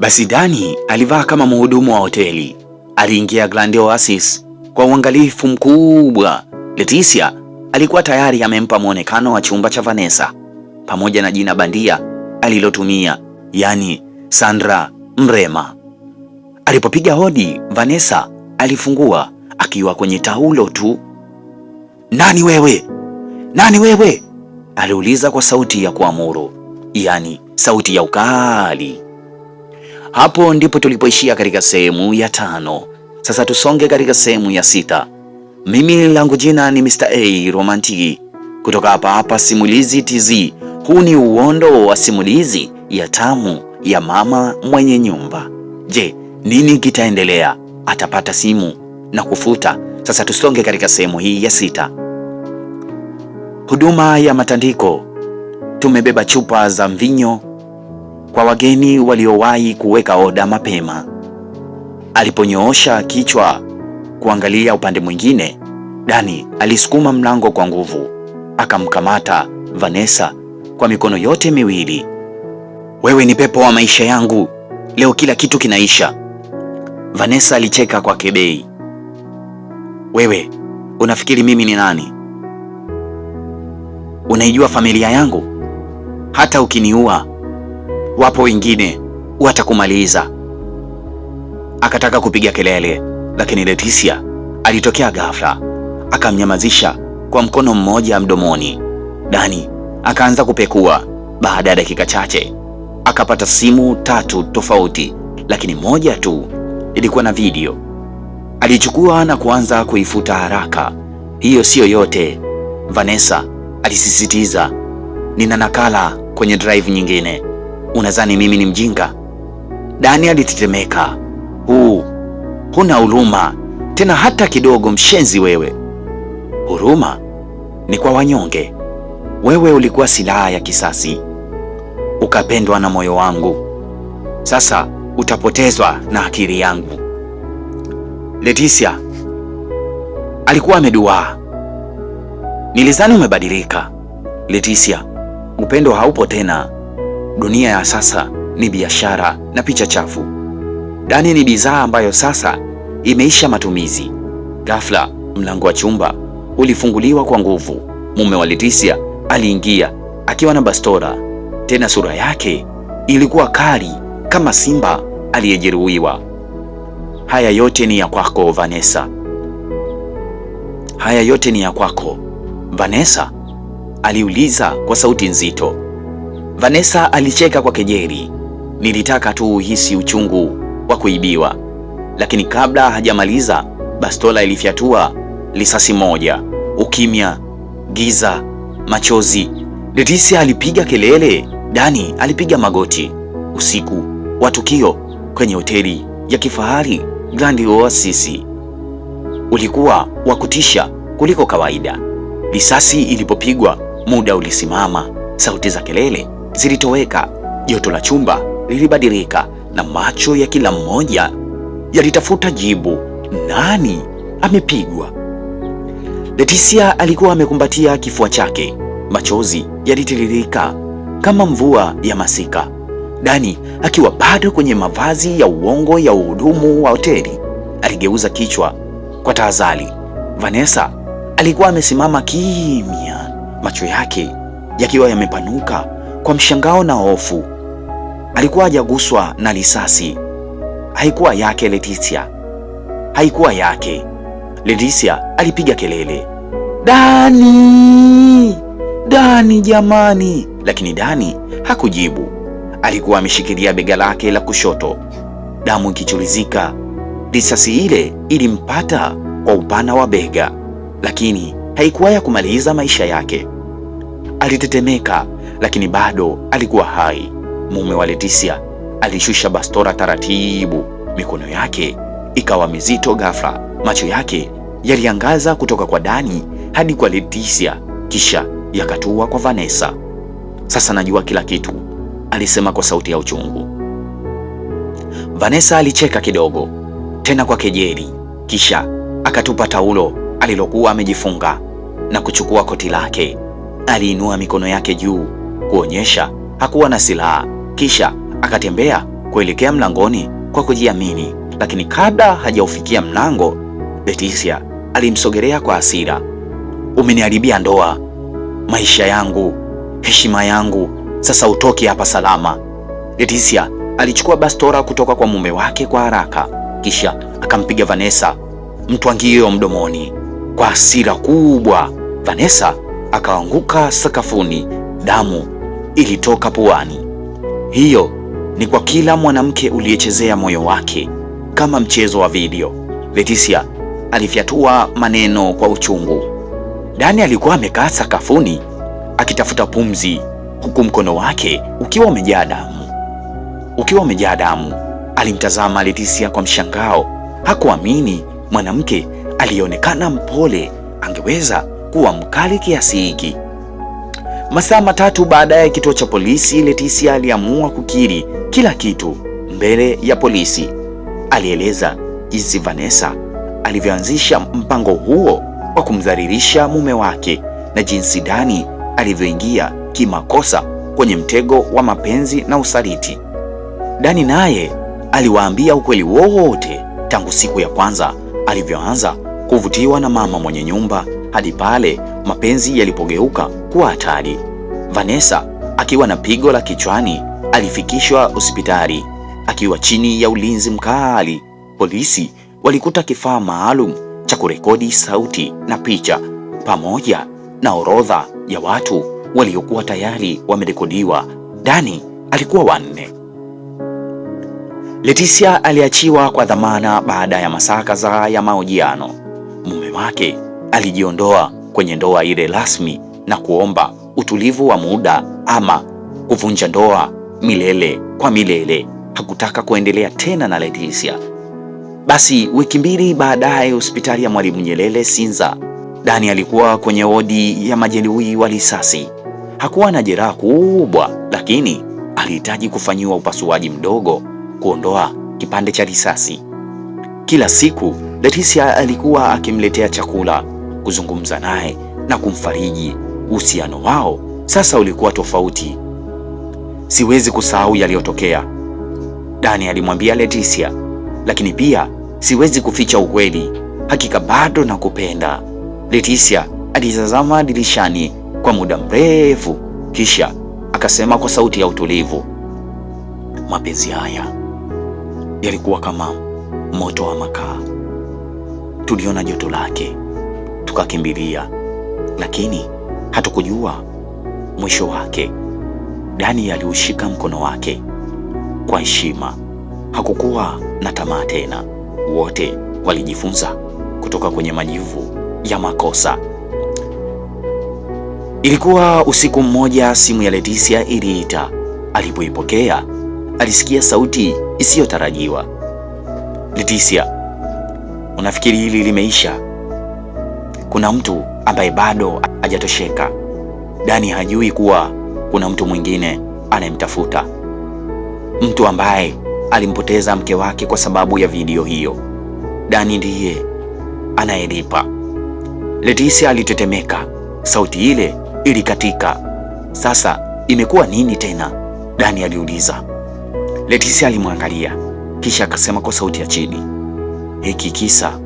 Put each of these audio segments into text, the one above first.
Basi Dani alivaa kama mhudumu wa hoteli. Aliingia Grand Oasis kwa uangalifu mkubwa. Leticia alikuwa tayari amempa mwonekano wa chumba cha Vanessa pamoja na jina bandia alilotumia, yani Sandra Mrema. Alipopiga hodi, Vanessa alifungua akiwa kwenye taulo tu. Nani wewe? Nani wewe? aliuliza kwa sauti ya kuamuru, yani sauti ya ukali. Hapo ndipo tulipoishia katika sehemu ya tano. Sasa tusonge katika sehemu ya sita. Mimi langu jina ni Mr. A Romantiki kutoka hapa hapa Simulizi TZ. Huu ni uondo wa simulizi ya tamu ya mama mwenye nyumba. Je, nini kitaendelea? Atapata simu na kufuta? Sasa tusonge katika sehemu hii ya sita. Huduma ya matandiko. Tumebeba chupa za mvinyo kwa wageni waliowahi kuweka oda mapema. Aliponyoosha kichwa kuangalia upande mwingine, Dani alisukuma mlango kwa nguvu, akamkamata Vanessa kwa mikono yote miwili. Wewe ni pepo wa maisha yangu, leo kila kitu kinaisha. Vanessa alicheka kwa kebei. Wewe unafikiri mimi ni nani? Unaijua familia yangu? Hata ukiniua wapo wengine watakumaliza. Akataka kupiga kelele, lakini Leticia alitokea ghafla, akamnyamazisha kwa mkono mmoja mdomoni. Dani akaanza kupekua. Baada ya dakika chache akapata simu tatu tofauti, lakini moja tu ilikuwa na video. Alichukua na kuanza kuifuta haraka. Hiyo siyo yote, Vanessa alisisitiza, nina nakala kwenye drive nyingine unadhani mimi ni mjinga? Dani alitetemeka. Huu huna huruma tena hata kidogo, mshenzi wewe! Huruma ni kwa wanyonge. Wewe ulikuwa silaha ya kisasi, ukapendwa na moyo wangu, sasa utapotezwa na akili yangu. Leticia alikuwa ameduaa. Nilizani umebadilika Leticia, upendo haupo tena. Dunia ya sasa ni biashara na picha chafu. Dani ni bidhaa ambayo sasa imeisha matumizi. Ghafla mlango wa chumba ulifunguliwa kwa nguvu. Mume wa Leticia aliingia akiwa na bastola, tena sura yake ilikuwa kali kama simba aliyejeruhiwa. Haya yote ni ya kwako Vanessa, haya yote ni ya kwako Vanessa, aliuliza kwa sauti nzito. Vanessa alicheka kwa kejeli. Nilitaka tu uhisi uchungu wa kuibiwa. Lakini kabla hajamaliza, bastola ilifyatua risasi moja. Ukimya, giza, machozi. Leticia alipiga kelele, Dani alipiga magoti. Usiku wa tukio kwenye hoteli ya kifahari Grand Oasis ulikuwa wa kutisha kuliko kawaida. Risasi ilipopigwa, muda ulisimama, sauti za kelele zilitoweka, joto la chumba lilibadilika, na macho ya kila mmoja yalitafuta jibu: nani amepigwa? Leticia alikuwa amekumbatia kifua chake, machozi yalitiririka kama mvua ya masika. Dani akiwa bado kwenye mavazi ya uongo ya uhudumu wa hoteli aligeuza kichwa kwa tahadhari. Vanessa alikuwa amesimama kimya, macho yake yakiwa yamepanuka kwa mshangao na hofu. Alikuwa hajaguswa na risasi, haikuwa yake Leticia, haikuwa yake. Leticia alipiga kelele, Dani, Dani jamani! Lakini Dani hakujibu. Alikuwa ameshikilia bega lake la kushoto, damu ikichulizika. Risasi ile ilimpata kwa upana wa bega, lakini haikuwa ya kumaliza maisha yake. Alitetemeka lakini bado alikuwa hai. Mume wa Leticia alishusha bastola taratibu, mikono yake ikawa mizito ghafla, macho yake yaliangaza kutoka kwa Dani hadi kwa Leticia, kisha yakatua kwa Vanessa. Sasa najua kila kitu, alisema kwa sauti ya uchungu. Vanessa alicheka kidogo, tena kwa kejeli, kisha akatupa taulo alilokuwa amejifunga na kuchukua koti lake. Aliinua mikono yake juu kuonyesha hakuwa na silaha, kisha akatembea kuelekea mlangoni kwa kujiamini. Lakini kabla hajaufikia mlango, Leticia alimsogelea kwa hasira. Umeniharibia ndoa, maisha yangu, heshima yangu, sasa utoki hapa salama. Leticia alichukua bastola kutoka kwa mume wake kwa haraka, kisha akampiga Vanessa mtwangio mdomoni kwa hasira kubwa. Vanessa akaanguka sakafuni, damu ilitoka puani. Hiyo ni kwa kila mwanamke uliyechezea moyo wake kama mchezo wa video, Leticia alifyatua maneno kwa uchungu. Dani alikuwa amekaa sakafuni akitafuta pumzi, huku mkono wake ukiwa umejaa damu ukiwa umejaa damu. Alimtazama Leticia kwa mshangao, hakuamini mwanamke aliyeonekana mpole angeweza kuwa mkali kiasi hiki. Masaa matatu baadaye, kituo cha polisi, Leticia aliamua kukiri kila kitu mbele ya polisi. Alieleza jinsi Vanessa alivyoanzisha mpango huo wa kumdhalilisha mume wake na jinsi Dani alivyoingia kimakosa kwenye mtego wa mapenzi na usaliti. Dani naye aliwaambia ukweli wote tangu siku ya kwanza alivyoanza kuvutiwa na mama mwenye nyumba hadi pale mapenzi yalipogeuka kuwa hatari. Vanessa akiwa na pigo la kichwani alifikishwa hospitali akiwa chini ya ulinzi mkali. Polisi walikuta kifaa maalum cha kurekodi sauti na picha pamoja na orodha ya watu waliokuwa tayari wamerekodiwa. Dani alikuwa wanne. Leticia aliachiwa kwa dhamana baada ya masaa kadhaa ya mahojiano. Mume wake alijiondoa kwenye ndoa ile rasmi na kuomba utulivu wa muda ama kuvunja ndoa milele kwa milele. Hakutaka kuendelea tena na Leticia. Basi wiki mbili baadaye, hospitali ya Mwalimu Nyerere Sinza, Dani alikuwa kwenye wodi ya majeruhi wa risasi. Hakuwa na jeraha kubwa, lakini alihitaji kufanyiwa upasuaji mdogo kuondoa kipande cha risasi. Kila siku Leticia alikuwa akimletea chakula, kuzungumza naye na kumfariji uhusiano wao sasa ulikuwa tofauti. Siwezi kusahau yaliyotokea, Dani alimwambia Leticia, lakini pia siwezi kuficha ukweli, hakika bado nakupenda. Leticia alitazama dirishani kwa muda mrefu, kisha akasema kwa sauti ya utulivu, mapenzi haya yalikuwa kama moto wa makaa, tuliona joto lake tukakimbilia, lakini Hatukujua mwisho wake. Dani aliushika mkono wake kwa heshima. Hakukuwa na tamaa tena. Wote walijifunza kutoka kwenye majivu ya makosa. Ilikuwa usiku mmoja, simu ya Leticia iliita. Alipoipokea alisikia sauti isiyotarajiwa. Leticia, unafikiri hili limeisha? kuna mtu ambaye bado hajatosheka. Dani hajui kuwa kuna mtu mwingine anayemtafuta, mtu ambaye alimpoteza mke wake kwa sababu ya video hiyo. Dani ndiye anayelipa. letisia alitetemeka, sauti ile ilikatika. Sasa imekuwa nini tena? Dani aliuliza. letisia alimwangalia kisha akasema kwa sauti ya chini, hiki kisa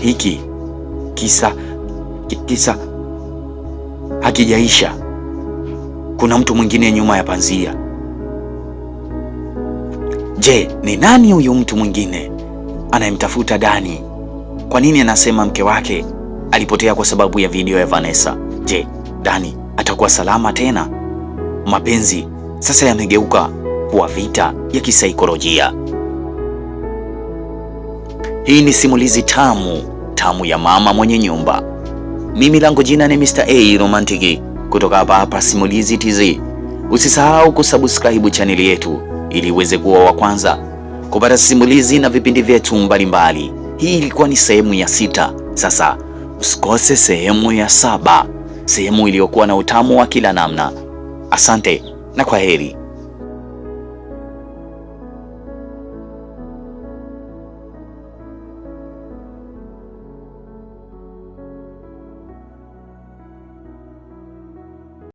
hiki kisa kisa hakijaisha. Kuna mtu mwingine nyuma ya panzia. Je, ni nani huyu mtu mwingine anayemtafuta Dani? Kwa nini anasema mke wake alipotea kwa sababu ya video ya Vanessa? Je, Dani atakuwa salama tena? Mapenzi sasa yamegeuka kuwa vita ya kisaikolojia. Hii ni simulizi tamu tamu ya mama mwenye nyumba. Mimi langu jina ni Mr. A romantic kutoka hapa hapa Simulizi TZ. Usisahau kusubscribe chaneli yetu ili uweze kuwa wa kwanza kupata simulizi na vipindi vyetu mbalimbali. Hii ilikuwa ni sehemu ya sita. Sasa usikose sehemu ya saba, sehemu iliyokuwa na utamu wa kila namna. Asante na kwa heri.